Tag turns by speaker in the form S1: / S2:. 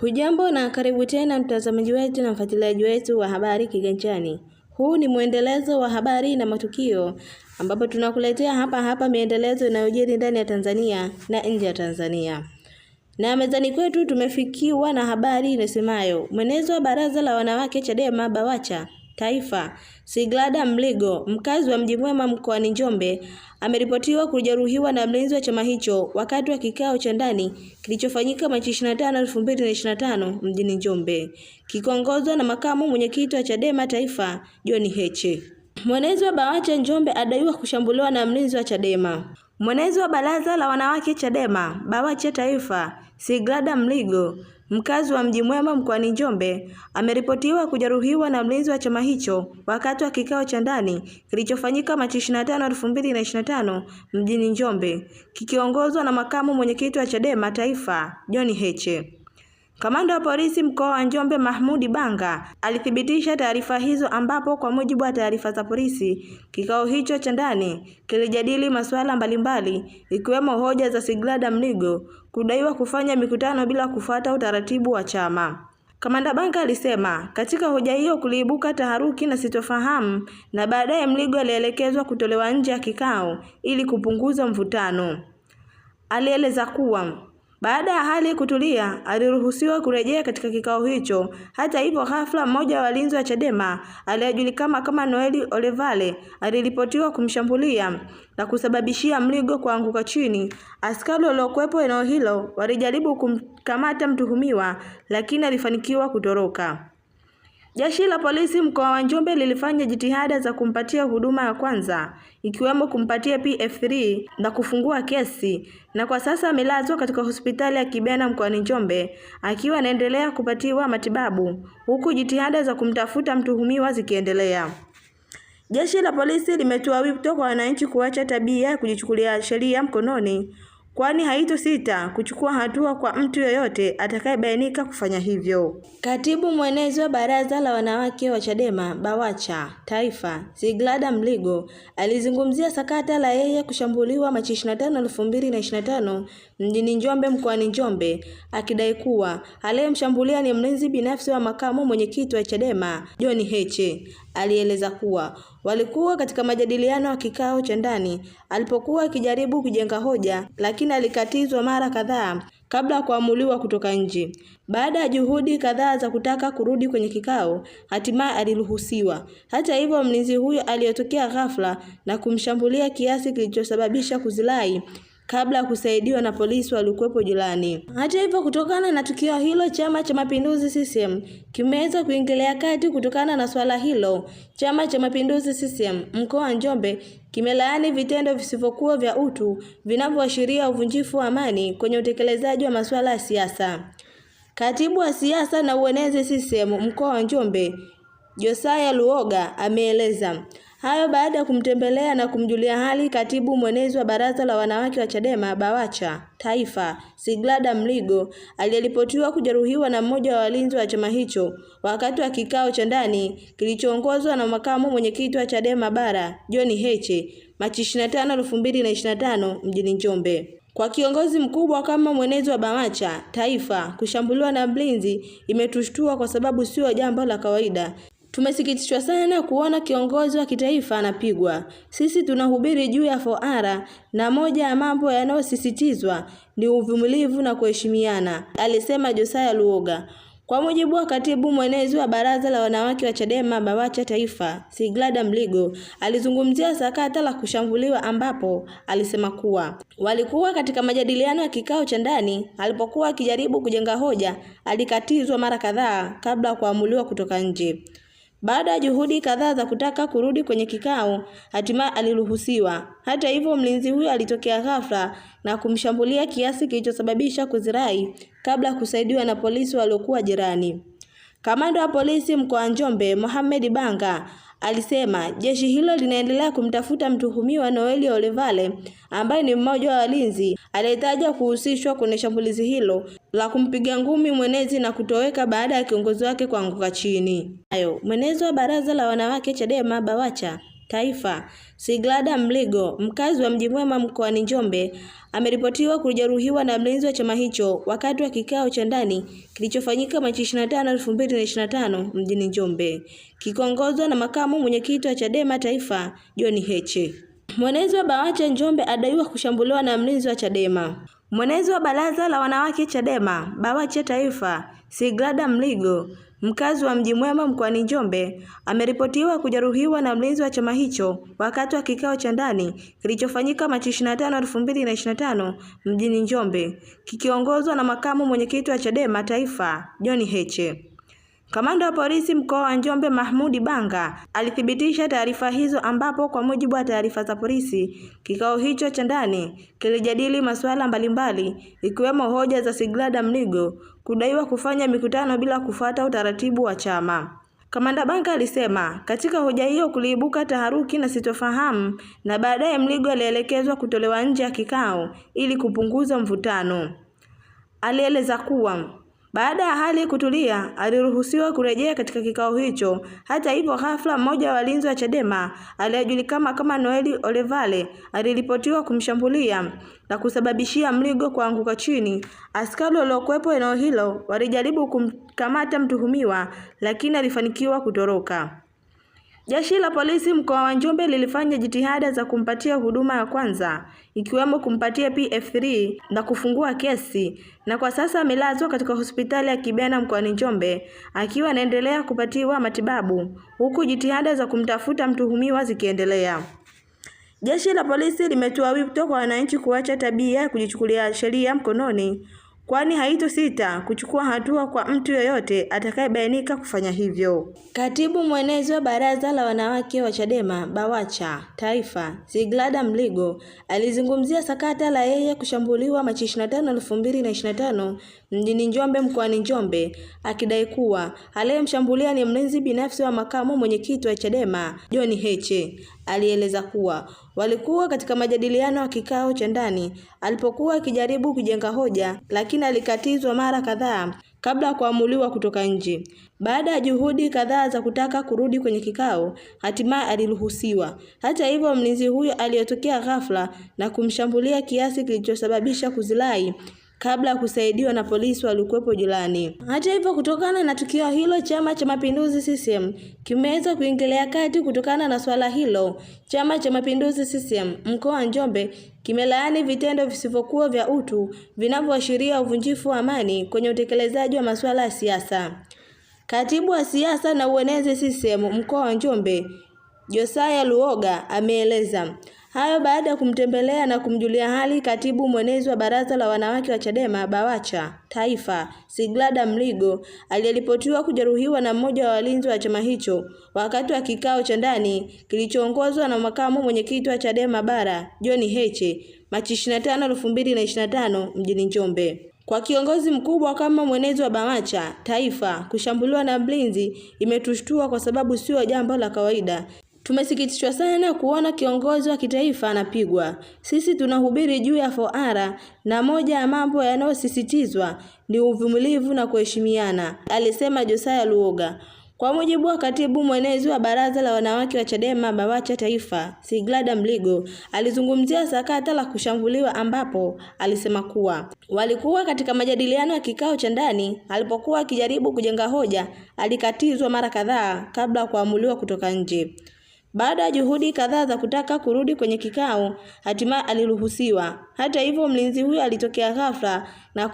S1: Hujambo na karibu tena mtazamaji wetu na mfuatiliaji wetu wa habari Kiganjani. Huu ni mwendelezo wa habari na matukio ambapo tunakuletea hapa hapa miendelezo inayojiri ndani ya Tanzania na nje ya Tanzania. Na mezani kwetu tumefikiwa na habari inasemayo mwenezo wa baraza la wanawake Chadema Bawacha Taifa. Siglada Mligo, mkazi wa Mji Mwema mkoani Njombe, ameripotiwa kujeruhiwa na mlinzi wa chama hicho wakati wa kikao cha ndani kilichofanyika Machi 25, 2025 mjini Njombe, kikongozwa na makamu mwenyekiti wa Chadema Taifa, John Heche. Mwenezi wa BAWACHA Njombe adaiwa kushambuliwa na mlinzi wa Chadema. Mwenezi wa Baraza la Wanawake Chadema BAWACHA Taifa, Siglada Mligo mkazi wa Mji Mwema mkoani Njombe ameripotiwa kujeruhiwa na mlinzi wa chama hicho wakati wa kikao cha ndani kilichofanyika Machi 25, 2025 mjini Njombe kikiongozwa na makamu mwenyekiti wa Chadema Taifa John Heche. Kamanda wa polisi mkoa wa Njombe Mahmudi Banga alithibitisha taarifa hizo, ambapo kwa mujibu wa taarifa za polisi, kikao hicho cha ndani kilijadili masuala mbalimbali ikiwemo hoja za Sigrada Mligo kudaiwa kufanya mikutano bila kufuata utaratibu wa chama. Kamanda Banga alisema katika hoja hiyo kuliibuka taharuki na sitofahamu, na baadaye Mligo alielekezwa kutolewa nje ya kikao ili kupunguza mvutano. Alieleza kuwa baada ya hali kutulia, aliruhusiwa kurejea katika kikao hicho. Hata hivyo, ghafla mmoja wa walinzi wa Chadema aliyejulikana kama Noeli Olevale aliripotiwa kumshambulia na kusababishia mligo kuanguka chini. Askari waliokuwepo eneo hilo walijaribu kumkamata mtuhumiwa, lakini alifanikiwa kutoroka. Jeshi la polisi mkoa wa Njombe lilifanya jitihada za kumpatia huduma ya kwanza ikiwemo kumpatia PF3 na kufungua kesi na kwa sasa amelazwa katika hospitali ya Kibena mkoani Njombe akiwa anaendelea kupatiwa matibabu huku jitihada za kumtafuta mtuhumiwa zikiendelea. Jeshi la polisi limetoa wito kwa wananchi kuacha tabia ya kujichukulia sheria mkononi kwani haito sita kuchukua hatua kwa mtu yoyote atakayebainika kufanya hivyo. Katibu mwenezi wa Baraza la Wanawake wa Chadema Bawacha Taifa, siglada Mligo alizungumzia sakata la yeye kushambuliwa Machi 25, 2025 mjini Njombe mkoani Njombe, akidai kuwa aliyemshambulia ni mlinzi binafsi wa makamu mwenyekiti wa Chadema John Heche alieleza kuwa walikuwa katika majadiliano ya kikao cha ndani alipokuwa akijaribu kujenga hoja, lakini alikatizwa mara kadhaa kabla ya kuamuliwa kutoka nje. Baada ya juhudi kadhaa za kutaka kurudi kwenye kikao, hatimaye aliruhusiwa. Hata hivyo, mlinzi huyo aliyotokea ghafla na kumshambulia kiasi kilichosababisha kuzilai kabla ya kusaidiwa na polisi walikuwepo jirani. Hata hivyo, kutokana na tukio hilo, Chama cha Mapinduzi CCM kimeweza kuingilia kati. Kutokana na swala hilo, Chama cha Mapinduzi CCM mkoa wa Njombe kimelaani vitendo visivyokuwa vya utu vinavyoashiria uvunjifu wa amani kwenye utekelezaji wa masuala ya siasa. Katibu wa siasa na uenezi CCM mkoa wa Njombe Josaya Luoga ameeleza Hayo baada ya kumtembelea na kumjulia hali katibu mwenezi wa baraza la wanawake wa Chadema Bawacha Taifa, Siglada Mligo, aliyeripotiwa kujeruhiwa na mmoja wa walinzi wa chama hicho wakati wa kikao cha ndani kilichoongozwa na makamu mwenyekiti wa Chadema Bara, John Heche, Machi 25, 2025 mjini Njombe. Kwa kiongozi mkubwa kama mwenezi wa Bawacha Taifa kushambuliwa na mlinzi imetushtua kwa sababu sio jambo la kawaida. Tumesikitishwa sana kuona kiongozi wa kitaifa anapigwa. Sisi tunahubiri juu ya foara na moja ya mambo yanayosisitizwa ni uvumilivu na kuheshimiana, alisema Josaya Luoga. Kwa mujibu wa katibu mwenezi wa baraza la wanawake wa Chadema Bawacha Taifa, Siglada Mligo alizungumzia sakata la kushambuliwa ambapo alisema kuwa walikuwa katika majadiliano ya kikao cha ndani. Alipokuwa akijaribu kujenga hoja, alikatizwa mara kadhaa kabla ya kuamuliwa kutoka nje. Baada ya juhudi kadhaa za kutaka kurudi kwenye kikao, hatimaye aliruhusiwa. Hata hivyo, mlinzi huyo alitokea ghafla na kumshambulia kiasi kilichosababisha kuzirai kabla ya kusaidiwa na polisi waliokuwa jirani. Kamanda wa polisi mkoa Njombe, Mohamed Banga, alisema jeshi hilo linaendelea kumtafuta mtuhumiwa Noeli Olevale ambaye ni mmoja wa walinzi aliyetajwa kuhusishwa kwenye shambulizi hilo la kumpiga ngumi mwenezi na kutoweka baada ya kiongozi wake kuanguka chini. Hayo, mwenezi wa baraza la wanawake Chadema Bawacha Taifa, Siglada Mligo, mkazi wa Mji Mwema mkoani Njombe, ameripotiwa kujeruhiwa na mlinzi wa chama hicho wakati wa kikao cha ndani kilichofanyika Machi 25, 2025 mjini Njombe, kikiongozwa na makamu mwenyekiti wa Chadema Taifa John Heche. Mwenezi wa Bawacha Njombe adaiwa kushambuliwa na mlinzi wa Chadema. Mwenezi wa baraza la wanawake Chadema BAWACHA Taifa, Sigrada Mligo, mkazi wa Mji Mwema mkoani Njombe, ameripotiwa kujeruhiwa na mlinzi wa chama hicho wakati wa kikao cha ndani kilichofanyika Machi 25, 2025 mjini Njombe, kikiongozwa na makamu mwenyekiti wa Chadema Taifa, John Heche. Kamanda wa polisi mkoa wa Njombe Mahmudi Banga alithibitisha taarifa hizo, ambapo kwa mujibu wa taarifa za polisi, kikao hicho cha ndani kilijadili masuala mbalimbali ikiwemo hoja za Sigrada Mligo kudaiwa kufanya mikutano bila kufuata utaratibu wa chama. Kamanda Banga alisema katika hoja hiyo kuliibuka taharuki na sitofahamu, na baadaye Mligo alielekezwa kutolewa nje ya kikao ili kupunguza mvutano. Alieleza kuwa baada ya hali kutulia, aliruhusiwa kurejea katika kikao hicho. Hata hivyo, ghafla mmoja wa walinzi wa Chadema aliyejulikana kama Noeli Olevale aliripotiwa kumshambulia na kusababishia Mligo kuanguka chini. Askari waliokuwepo eneo hilo walijaribu kumkamata mtuhumiwa, lakini alifanikiwa kutoroka. Jeshi la polisi mkoa wa Njombe lilifanya jitihada za kumpatia huduma ya kwanza ikiwemo kumpatia PF3 na kufungua kesi na kwa sasa amelazwa katika hospitali ya Kibena mkoani Njombe akiwa anaendelea kupatiwa matibabu huku jitihada za kumtafuta mtuhumiwa zikiendelea. Jeshi la polisi limetoa wito kwa wananchi kuacha tabia ya kujichukulia sheria mkononi kwani haitosita kuchukua hatua kwa mtu yoyote atakayebainika kufanya hivyo. Katibu mwenezi wa Baraza la Wanawake wa Chadema Bawacha Taifa, siglada Mligo alizungumzia sakata la yeye kushambuliwa Machi 25, 2025 mjini Njombe mkoani Njombe, akidai kuwa aliyemshambulia ni mlinzi binafsi wa makamu mwenyekiti wa Chadema John Heche alieleza kuwa walikuwa katika majadiliano ya kikao cha ndani alipokuwa akijaribu kujenga hoja, lakini alikatizwa mara kadhaa kabla ya kuamuliwa kutoka nje. Baada ya juhudi kadhaa za kutaka kurudi kwenye kikao, hatimaye aliruhusiwa. Hata hivyo, mlinzi huyo aliyotokea ghafla na kumshambulia kiasi kilichosababisha kuzilai kabla ya kusaidiwa na polisi walikuwepo jirani. Hata hivyo, kutokana na tukio hilo, Chama cha Mapinduzi CCM kimeweza kuingilia kati. Kutokana na swala hilo, Chama cha Mapinduzi CCM mkoa wa Njombe kimelaani vitendo visivyokuwa vya utu vinavyoashiria uvunjifu wa amani kwenye utekelezaji wa masuala ya siasa. Katibu wa siasa na uenezi CCM mkoa wa Njombe Josaya Luoga ameeleza hayo baada ya kumtembelea na kumjulia hali katibu mwenezi wa baraza la wanawake wa Chadema Bawacha Taifa, Siglada Mligo aliyeripotiwa kujeruhiwa na mmoja wa walinzi wa chama hicho wakati wa kikao cha ndani kilichoongozwa na makamu mwenyekiti wa Chadema Bara John Heche Machi 25, 2025 mjini Njombe. Kwa kiongozi mkubwa kama mwenezi wa Bawacha Taifa kushambuliwa na mlinzi imetushtua kwa sababu sio jambo la kawaida. Tumesikitishwa sana kuona kiongozi wa kitaifa anapigwa. Sisi tunahubiri juu ya foara na moja ya mambo yanayosisitizwa ni uvumilivu na kuheshimiana, alisema Josaya Luoga. Kwa mujibu wa katibu mwenezi wa baraza la wanawake wa Chadema Bawacha Taifa, Siglada Mligo alizungumzia sakata la kushambuliwa, ambapo alisema kuwa walikuwa katika majadiliano ya kikao cha ndani. Alipokuwa akijaribu kujenga hoja, alikatizwa mara kadhaa kabla ya kuamuliwa kutoka nje. Baada ya juhudi kadhaa za kutaka kurudi kwenye kikao, hatimaye aliruhusiwa. Hata hivyo, mlinzi huyo alitokea ghafla na